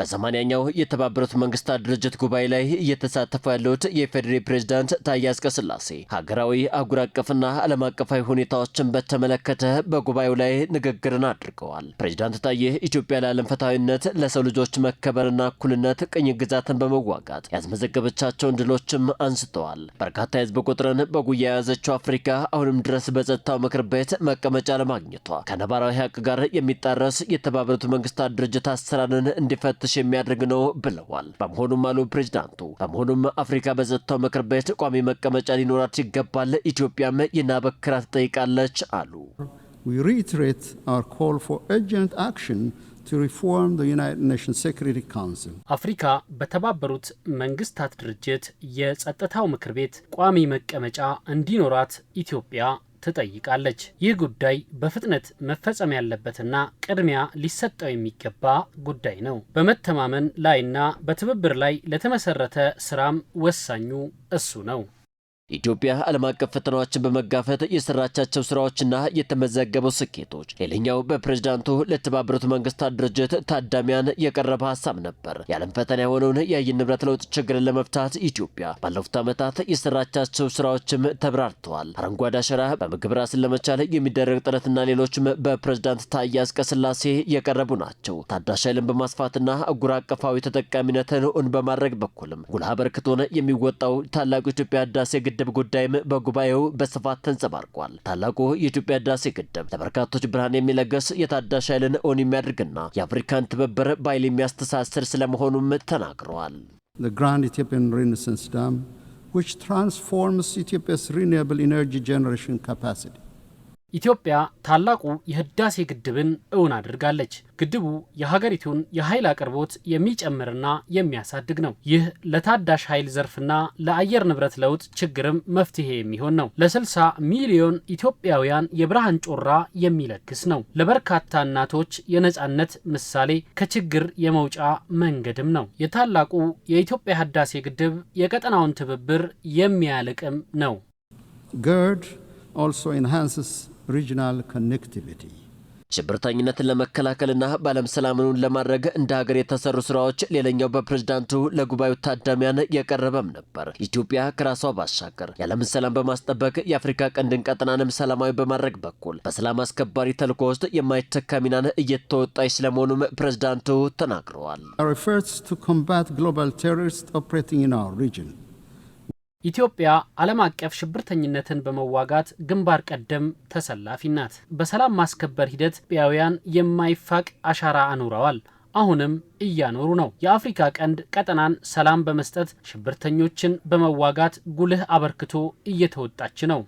በሰማንያኛው የተባበሩት መንግስታት ድርጅት ጉባኤ ላይ እየተሳተፉ ያሉት የፌዴሬ ፕሬዝዳንት ታዬ አጽቀሥላሴ ሀገራዊ፣ አህጉር አቀፍና ዓለም አቀፋዊ ሁኔታዎችን በተመለከተ በጉባኤው ላይ ንግግርን አድርገዋል። ፕሬዚዳንት ታዬ ኢትዮጵያ ለዓለም ፍትሐዊነት፣ ለሰው ልጆች መከበርና እኩልነት ቅኝ ግዛትን በመዋጋት ያስመዘገበቻቸውን ድሎችም አንስተዋል። በርካታ የህዝብ ቁጥርን በጉያ የያዘችው አፍሪካ አሁንም ድረስ በጸጥታው ምክር ቤት መቀመጫ ለማግኘቷ ከነባራዊ ሀቅ ጋር የሚጣረስ የተባበሩት መንግስታት ድርጅት አሰራርን እንዲፈትሽ እንድትፈትሽ የሚያደርግ ነው ብለዋል። በመሆኑም አሉ ፕሬዚዳንቱ፣ በመሆኑም አፍሪካ በጸጥታው ምክር ቤት ቋሚ መቀመጫ ሊኖራት ይገባል፣ ኢትዮጵያም ይናበክራ ትጠይቃለች አሉ። አፍሪካ በተባበሩት መንግስታት ድርጅት የጸጥታው ምክር ቤት ቋሚ መቀመጫ እንዲኖራት ኢትዮጵያ ትጠይቃለች። ይህ ጉዳይ በፍጥነት መፈጸም ያለበትና ቅድሚያ ሊሰጠው የሚገባ ጉዳይ ነው። በመተማመን ላይና በትብብር ላይ ለተመሰረተ ስራም ወሳኙ እሱ ነው። የኢትዮጵያ ዓለም አቀፍ ፈተናዎችን በመጋፈጥ የሰራቻቸው ስራዎችና የተመዘገቡ ስኬቶች ሌላኛው በፕሬዝዳንቱ ለተባበሩት መንግስታት ድርጅት ታዳሚያን የቀረበ ሀሳብ ነበር። የዓለም ፈተና የሆነውን የአየር ንብረት ለውጥ ችግርን ለመፍታት ኢትዮጵያ ባለፉት ዓመታት የሰራቻቸው ስራዎችም ተብራርተዋል። አረንጓዴ አሸራ በምግብ ራስን ለመቻል የሚደረግ ጥረትና ሌሎችም በፕሬዝዳንት ታዬ አጽቀሥላሴ የቀረቡ ናቸው። ታዳሽ ኃይልን በማስፋትና አህጉር አቀፋዊ ተጠቃሚነትን እውን በማድረግ በኩልም ጉልህ አበርክቶን የሚወጣው ታላቁ ኢትዮጵያ ህዳሴ ግድብ ግድብ ጉዳይም በጉባኤው በስፋት ተንጸባርቋል። ታላቁ የኢትዮጵያ ህዳሴ ግድብ ለበርካቶች ብርሃን የሚለገስ የታዳሽ ኃይልን እውን የሚያደርግና የአፍሪካን ትብብር በኃይል የሚያስተሳስር ስለመሆኑም ተናግረዋል። The Grand Ethiopian Renaissance Dam, which transforms Ethiopia's renewable ኢትዮጵያ ታላቁ የህዳሴ ግድብን እውን አድርጋለች። ግድቡ የሀገሪቱን የኃይል አቅርቦት የሚጨምርና የሚያሳድግ ነው። ይህ ለታዳሽ ኃይል ዘርፍና ለአየር ንብረት ለውጥ ችግርም መፍትሄ የሚሆን ነው። ለ60 ሚሊዮን ኢትዮጵያውያን የብርሃን ጮራ የሚለግስ ነው። ለበርካታ እናቶች የነጻነት ምሳሌ፣ ከችግር የመውጫ መንገድም ነው። የታላቁ የኢትዮጵያ ህዳሴ ግድብ የቀጠናውን ትብብር የሚያልቅም ነው። ሪጅናል ኮኔክቲቪቲ ሽብርተኝነትን ለመከላከልና በዓለም ሰላምኑን ለማድረግ እንደ ሀገር የተሰሩ ስራዎች ሌላኛው በፕሬዝዳንቱ ለጉባኤው ታዳሚያን የቀረበም ነበር። ኢትዮጵያ ከራሷ ባሻገር የዓለምን ሰላም በማስጠበቅ የአፍሪካ ቀንድን ቀጠናንም ሰላማዊ በማድረግ በኩል በሰላም አስከባሪ ተልዕኮ ውስጥ የማይተካ ሚናን እየተወጣች ስለመሆኑም ፕሬዝዳንቱ ተናግረዋል። ኢትዮጵያ ዓለም አቀፍ ሽብርተኝነትን በመዋጋት ግንባር ቀደም ተሰላፊ ናት። በሰላም ማስከበር ሂደት ኢትዮጵያውያን የማይፋቅ አሻራ አኑረዋል፣ አሁንም እያኖሩ ነው። የአፍሪካ ቀንድ ቀጠናን ሰላም በመስጠት ሽብርተኞችን በመዋጋት ጉልህ አበርክቶ እየተወጣች ነው።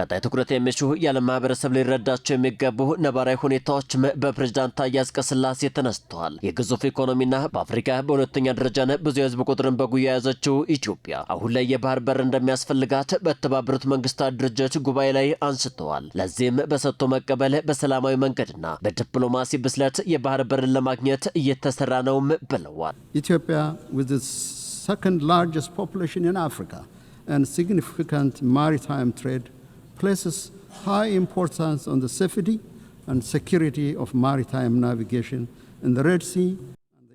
ቀጣይ ትኩረት የሚሹ የዓለም ማህበረሰብ ሊረዳቸው የሚገቡ ነባራዊ ሁኔታዎችም በፕሬዝዳንት ታዬ አጽቀሥላሴ ተነስተዋል። የግዙፍ ኢኮኖሚና በአፍሪካ በሁለተኛ ደረጃን ብዙ የህዝብ ቁጥርን በጉያ የያዘችው ኢትዮጵያ አሁን ላይ የባህር በር እንደሚያስፈልጋት በተባበሩት መንግስታት ድርጅት ጉባኤ ላይ አንስተዋል። ለዚህም በሰጥቶ መቀበል፣ በሰላማዊ መንገድና በዲፕሎማሲ ብስለት የባህር በርን ለማግኘት እየተሰራ ነውም ብለዋል። ኢትዮጵያ with the second largest population in Africa and significant maritime trade places high importance on the safety and security of maritime navigation in the Red Sea.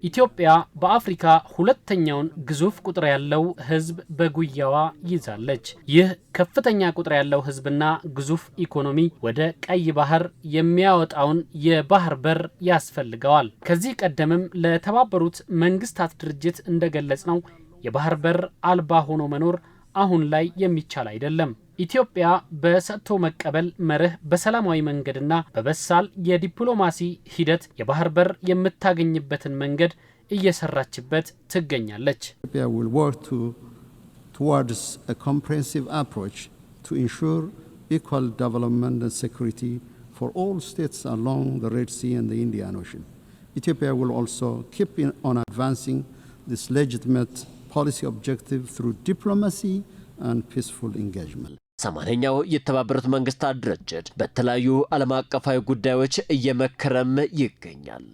ኢትዮጵያ በአፍሪካ ሁለተኛውን ግዙፍ ቁጥር ያለው ሕዝብ በጉያዋ ይዛለች። ይህ ከፍተኛ ቁጥር ያለው ሕዝብና ግዙፍ ኢኮኖሚ ወደ ቀይ ባህር የሚያወጣውን የባህር በር ያስፈልገዋል። ከዚህ ቀደምም ለተባበሩት መንግስታት ድርጅት እንደገለጽ ነው የባህር በር አልባ ሆኖ መኖር አሁን ላይ የሚቻል አይደለም። ኢትዮጵያ በሰጥቶ መቀበል መርህ በሰላማዊ መንገድና በበሳል የዲፕሎማሲ ሂደት የባህር በር የምታገኝበትን መንገድ እየሰራችበት ትገኛለች። ኢትዮጵያ ኢትዮጵያ also keep on advancing this legitimate policy objective through diplomacy and peaceful engagement። ሰማንያኛው የተባበሩት መንግስታት ድርጅት በተለያዩ ዓለም አቀፋዊ ጉዳዮች እየመከረም ይገኛል።